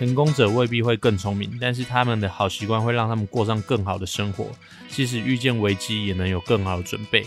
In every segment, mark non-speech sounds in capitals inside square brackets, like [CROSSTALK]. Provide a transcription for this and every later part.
成功者未必會更聰明，但是他們的好習慣會讓他們過上更好的生活，即使遇見危機也能有更好的準備。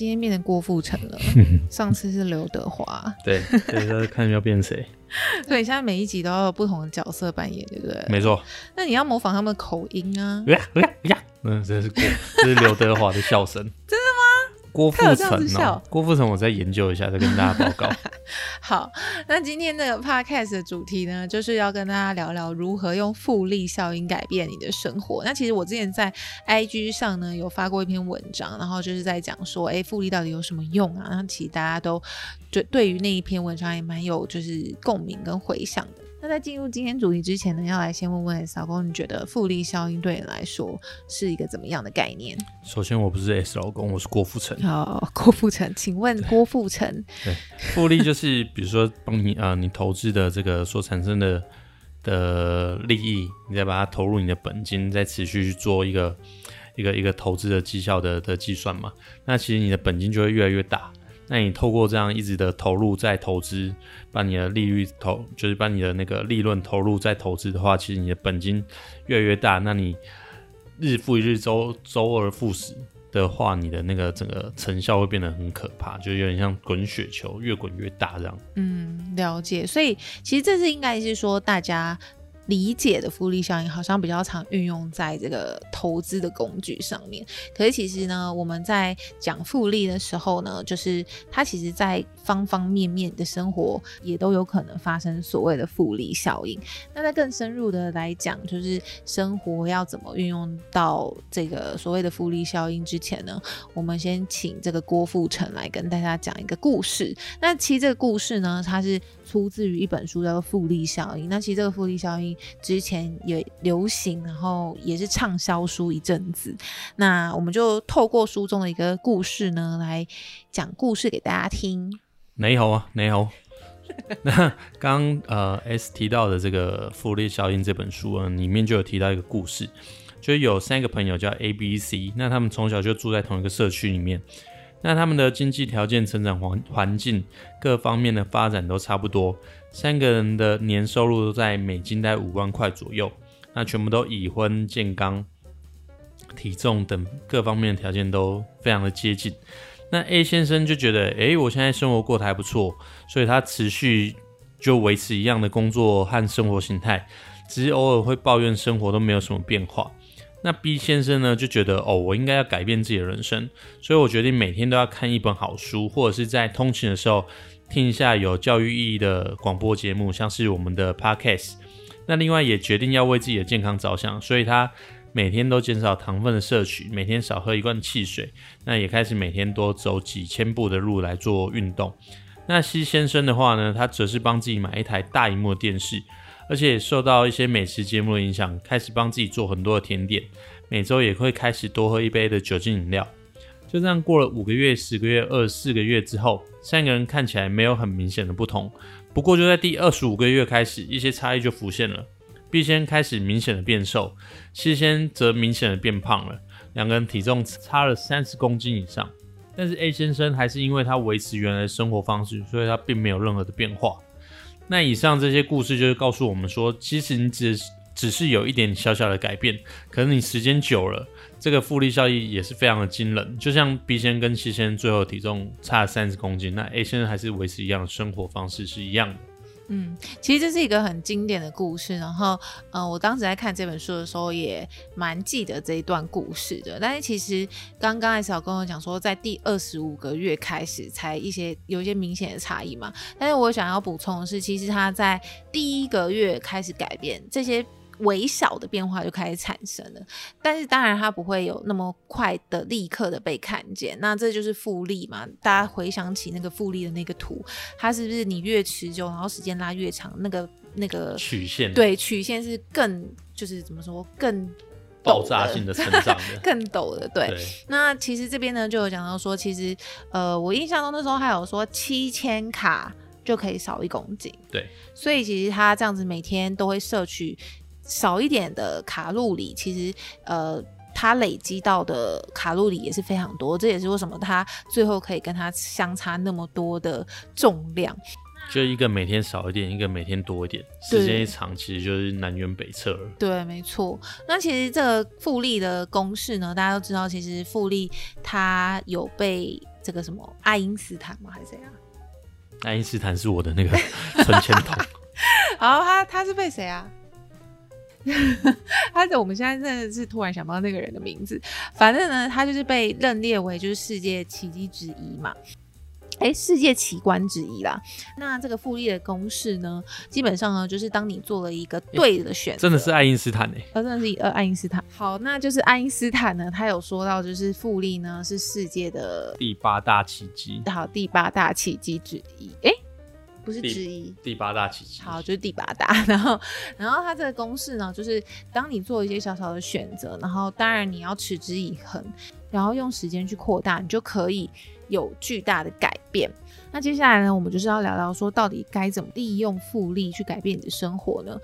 今天變成郭富城了， [LAUGHS] 上次是劉德華，對，所以說看要變誰， [LAUGHS] 對，現在每一集都要有不同的角色扮演，對不對？沒錯，那你要模仿他們的口音啊，呀呀呀，嗯、呃呃呃，這是郭，這是劉德華的笑聲， [LAUGHS] 真的。郭富城哦，他有這樣子笑？郭富城，我再研究一下，再跟大家報告。 [LAUGHS] 好，那今天的 Podcast 的主題呢，就是要跟大家聊聊如何用複利效應改變你的生活。那其實我之前在 IG 上呢，有發過一篇文章，然後就是在講說，哎、欸，複利到底有什麼用啊？那其實大家都對對於那一篇文章也蠻有就是共鳴跟迴響的。那在進入今天主題之前呢，要來先問問 S 老公，你覺得複利效應對你來說是一個怎麼樣的概念？首先，我不是 S 老公，我是郭富城。哦，郭富城，請問郭富城，對，複利就是比如說幫你啊、呃，你投資的這個所產生的的利益，你再把它投入你的本金，再持續去做一個一個一個投資的績效的的計算嘛？那其實你的本金就會越來越大。那你透過這樣一直的投入再投資，把你的利率投，就是把你的那個利潤投入再投資的話，其實你的本金越來越大，那你日復一日周周而復始的話，你的那個整個成效會變得很可怕，就有點像滾雪球，越滾越大這樣。嗯，了解。所以其實這是應該是說大家。理解的複利效應好像比較常運用在這個投資的工具上面，可是其實呢，我們在講複利的時候呢，就是它其實在方方面面的生活也都有可能發生所謂的複利效應。那再更深入的來講，就是生活要怎麼運用到這個所謂的複利效應之前呢，我們先請這個郭富城來跟大家講一個故事。那其實這個故事呢，它是出自於一本書叫做《複利效應》。那其實這個複利效應。之前也流行，然後也是暢銷書一陣子。那我們就透過書中的一個故事呢，來講故事給大家聽。你好啊，你好。那 [LAUGHS] [LAUGHS] 剛呃 S 提到的這個《複利效應》這本書啊，裡面就有提到一個故事，就有三個朋友叫 A、B、C，那他們從小就住在同一個社區裡面。那他們的經濟條件、成長環環境、各方面的發展都差不多，三個人的年收入都在美金大概五萬塊左右，那全部都已婚、健康、體重等各方面的條件都非常的接近。那 A 先生就覺得，誒、欸，我現在生活過得還不錯，所以他持續就維持一樣的工作和生活形態，只是偶爾會抱怨生活都沒有什麼變化。那 B 先生呢，就覺得哦，我應該要改變自己的人生，所以我決定每天都要看一本好書，或者是在通勤的時候聽一下有教育意義的廣播節目，像是我們的 Podcast。那另外也決定要為自己的健康着想，所以他每天都減少糖分的攝取，每天少喝一罐汽水，那也開始每天多走幾千步的路來做運動。那 C 先生的話呢，他則是幫自己買一台大螢幕的電視。而且也受到一些美食節目的影響，開始幫自己做很多的甜點，每周也會開始多喝一杯的酒精飲料。就這樣過了五個月、十個月、二十四個月之後，三個人看起來沒有很明顯的不同。不過就在第二十五個月開始，一些差異就浮現了。B 先開始明顯的變瘦，C 先則明顯的變胖了，兩個人體重差了三十公斤以上。但是 A 先生還是因為他維持原來的生活方式，所以他並沒有任何的變化。那以上這些故事就是告訴我們說，其實你只只是有一點小小的改變，可是你時間久了，這個複利效益也是非常的驚人。就像 B 先生跟 C 先生最後體重差三十公斤，那 A 先生還是維持一樣的生活方式是一樣的。嗯，其實這是一個很經典的故事。然後，嗯、呃，我當時在看這本書的時候也蠻記得這一段故事的。但是，其實剛剛艾草跟我講說，在第二十五個月開始才一些有一些明顯的差異嘛。但是我想要補充的是，其實他在第一個月開始改變這些。微小的變化就開始產生了，但是當然它不會有那麼快的立刻的被看見。那這就是複利嘛？大家回想起那個複利的那個圖，它是不是你越持久，然後時間拉越長，那個那個曲線對曲線是更就是怎麼說更爆炸性的成長的更陡的，對，對。那其實這邊呢就有講到說，其實呃我印象中那時候還有說七千卡就可以少一公斤對，所以其實他這樣子每天都會攝取，少一點的卡路里，其實呃，它累積到的卡路里也是非常多，這也是為什麼它最後可以跟它相差那麼多的重量。就一個每天少一點，一個每天多一點，時間一長，其實就是南轅北轍了。對,對，沒錯。那其實這個複利的公式呢，大家都知道，其實複利它有被這個什麼愛因斯坦嗎？還是誰啊？愛因斯坦是我的那個 [LAUGHS] 存錢前筒頭。 [LAUGHS] 好，他他是被誰啊？ [LAUGHS] 他，我們現在真的是突然想不到那個人的名字。反正呢，他就是被認列為就是世界奇蹟之一嘛。哎、欸，世界奇觀之一啦。那這個複利的公式呢，基本上呢，就是當你做了一個對的選、欸，真的是愛因斯坦他、欸啊、真的是呃愛因斯坦。好，那就是愛因斯坦呢，他有說到就是複利呢是世界的第八大奇蹟，好，第八大奇蹟之一。哎、欸。不是之一，第八大奇蹟。好，就是第八大。然後，然後它這個公式呢，就是當你做一些小小的選擇，然後當然你要持之以恆，然後用時間去擴大，你就可以有巨大的改變。那接下來呢，我們就是要聊聊說，到底該怎麼利用複利去改變你的生活呢？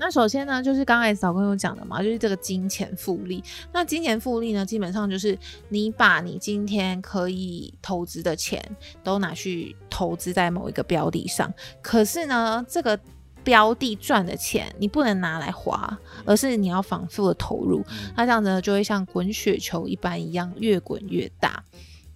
那首先呢，就是剛才小朋友講的嘛，就是這個金錢複利。那金錢複利呢，基本上就是你把你今天可以投資的錢都拿去投資在某一個標的上，可是呢，這個標的賺的錢你不能拿來花，而是你要反覆的投入，那這樣子呢，就會像滾雪球一般一樣越滾越大。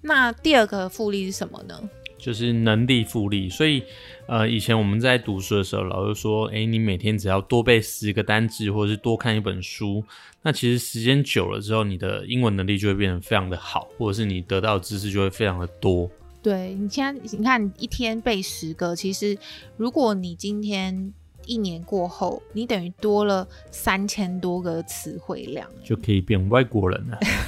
那第二個複利是什麼呢？就是能力複利，所以，呃，以前我們在讀書的時候，老師說，哎、欸，你每天只要多背十個單字，或者是多看一本書，那其實時間久了之後，你的英文能力就會變得非常的好，或者是你得到的知識就會非常的多。對你現在，你看一天背十個，其實如果你今天一年過後，你等於多了三千多個詞彙量，就可以變外國人了。 [LAUGHS]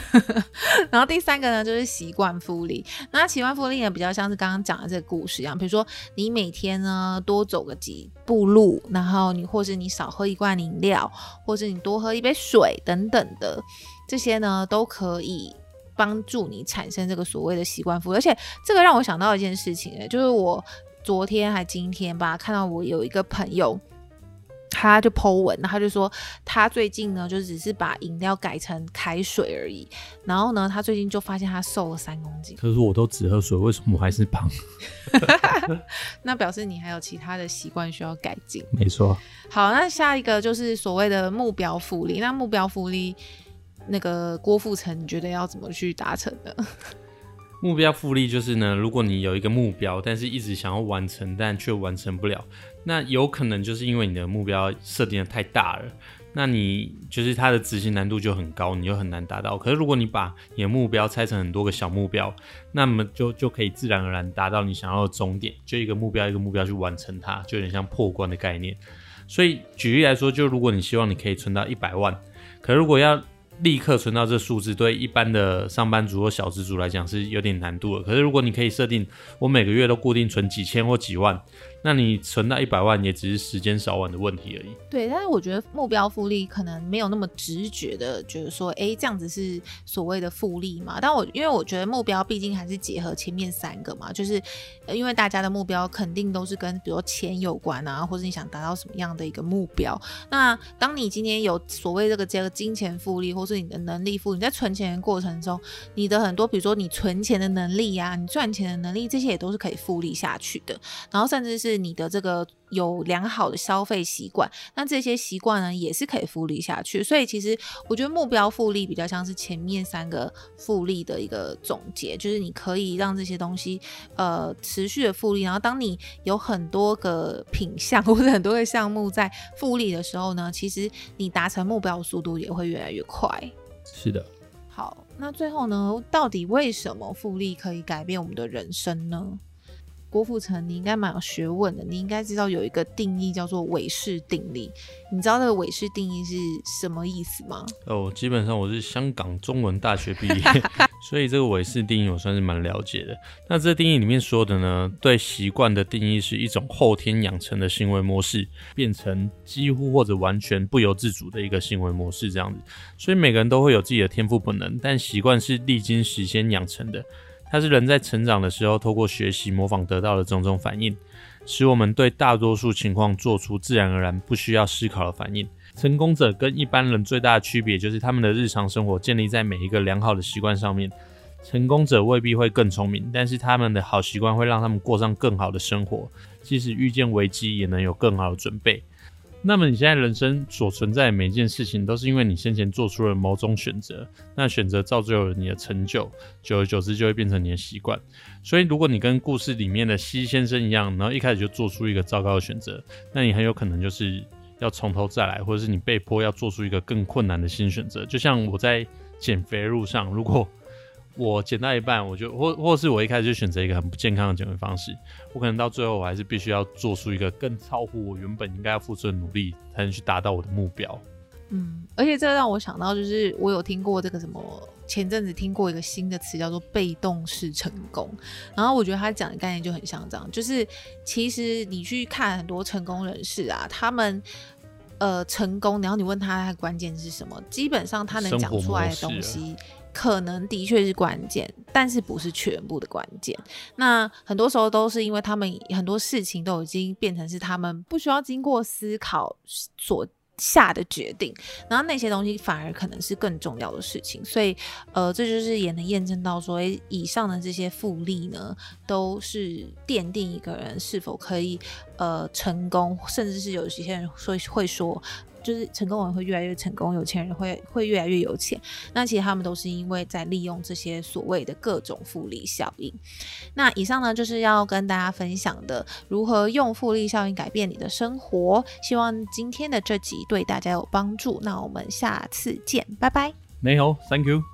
[LAUGHS] 然後第三個呢，就是習慣複利。那習慣複利呢，比較像是剛剛講的這個故事一樣，比如說你每天呢多走個幾步路，然後你或是你少喝一罐飲料，或是你多喝一杯水等等的，這些呢都可以幫助你產生這個所謂的習慣複利。而且這個讓我想到一件事情呢，就是我昨天還今天吧，看到我有一個朋友。他就 PO 文，他就說他最近呢，就只是把飲料改成開水而已。然後呢，他最近就發現他瘦了三公斤。可是我都只喝水，為什麼我還是胖？ [LAUGHS] [LAUGHS] [LAUGHS] [LAUGHS] 那表示你還有其他的習慣需要改進。沒錯。好，那下一個就是所謂的目標複利。那目標複利，那個郭富城，你覺得要怎麼去達成呢？ [LAUGHS] 目標複利就是呢，如果你有一個目標，但是一直想要完成，但卻完成不了，那有可能就是因為你的目標設定得太大了，那你就是它的執行難度就很高，你就很難達到。可是如果你把你的目標拆成很多個小目標，那麼就就可以自然而然達到你想要的終點。就一個目標一個目標去完成它，就有點像破關的概念。所以舉例來說，就如果你希望你可以存到一百萬，可如果要立刻存到這數字，對一般的上班族或小資族來講是有點難度的。可是如果你可以設定，我每個月都固定存幾千或幾萬。那你存到一百萬，也只是時間早晚的問題而已。對，但是我覺得目標複利可能沒有那麼直覺的，就是說，哎、欸，這樣子是所謂的複利嘛？但我因為我覺得目標畢竟還是結合前面三個嘛，就是因為大家的目標肯定都是跟比如說錢有關啊，或者你想達到什麼樣的一個目標。那當你今天有所謂這個這個金錢複利，或是你的能力複利，你在存錢的過程中，你的很多比如說你存錢的能力呀、啊，你賺錢的能力，這些也都是可以複利下去的，然後甚至是。你的這個有良好的消費習慣，那這些習慣呢也是可以複利下去。所以其實我覺得目標複利比較像是前面三個複利的一個總結，就是你可以讓這些東西呃持續的複利。然後當你有很多個品項或者很多個項目在複利的時候呢，其實你達成目標的速度也會越來越快。是的。好，那最後呢，到底為什麼複利可以改變我們的人生呢？郭富城，你應該蠻有學問的，你應該知道有一個定義叫做韋氏定理。你知道那個韋氏定義是什麼意思嗎？哦，基本上我是香港中文大學畢業， [LAUGHS] 所以這個韋氏定義我算是蠻了解的。那這定義裡面說的呢，對習慣的定義是一種後天養成的行為模式，變成幾乎或者完全不由自主的一個行為模式這樣子。所以每個人都會有自己的天賦本能，但習慣是歷經時間養成的。它是人在成長的時候，透過學習模仿得到的種種反應，使我們對大多數情況做出自然而然、不需要思考的反應。成功者跟一般人最大的區別，就是他們的日常生活建立在每一個良好的習慣上面。成功者未必會更聰明，但是他們的好習慣會讓他們過上更好的生活，即使遇見危機，也能有更好的準備。那麼你現在人生所存在的每一件事情，都是因為你先前做出了某種選擇。那選擇造就了你的成就，久而久之就會變成你的習慣。所以，如果你跟故事裡面的西先生一樣，然後一開始就做出一個糟糕的選擇，那你很有可能就是要從頭再來，或者是你被迫要做出一個更困難的新選擇。就像我在減肥路上，如果我減到一半，我就或或是，我一開始就選擇一個很不健康的減肥方式，我可能到最後我還是必須要做出一個更超乎我原本應該要付出的努力，才能去達到我的目標。嗯，而且這讓我想到，就是我有聽過這個什麼，前陣子聽過一個新的詞叫做被動式成功，然後我覺得他講的概念就很像這樣，就是其實你去看很多成功人士啊，他們呃成功，然後你問他關鍵是什麼，基本上他能講出來的東西。可能的確是關鍵，但是不是全部的關鍵。那很多時候都是因為他們很多事情都已經變成是他們不需要經過思考所下的決定，然後那些東西反而可能是更重要的事情。所以，呃，這就是也能驗證到說，以以上的這些複利呢，都是奠定一個人是否可以呃成功，甚至是有一些人所以會,會說。就是成功人會越來越成功，有錢人會會越來越有錢。那其實他們都是因為在利用這些所謂的各種複利效應。那以上呢，就是要跟大家分享的，如何用複利效應改變你的生活。希望今天的這集對大家有幫助。那我們下次見，拜拜。你好，Thank you。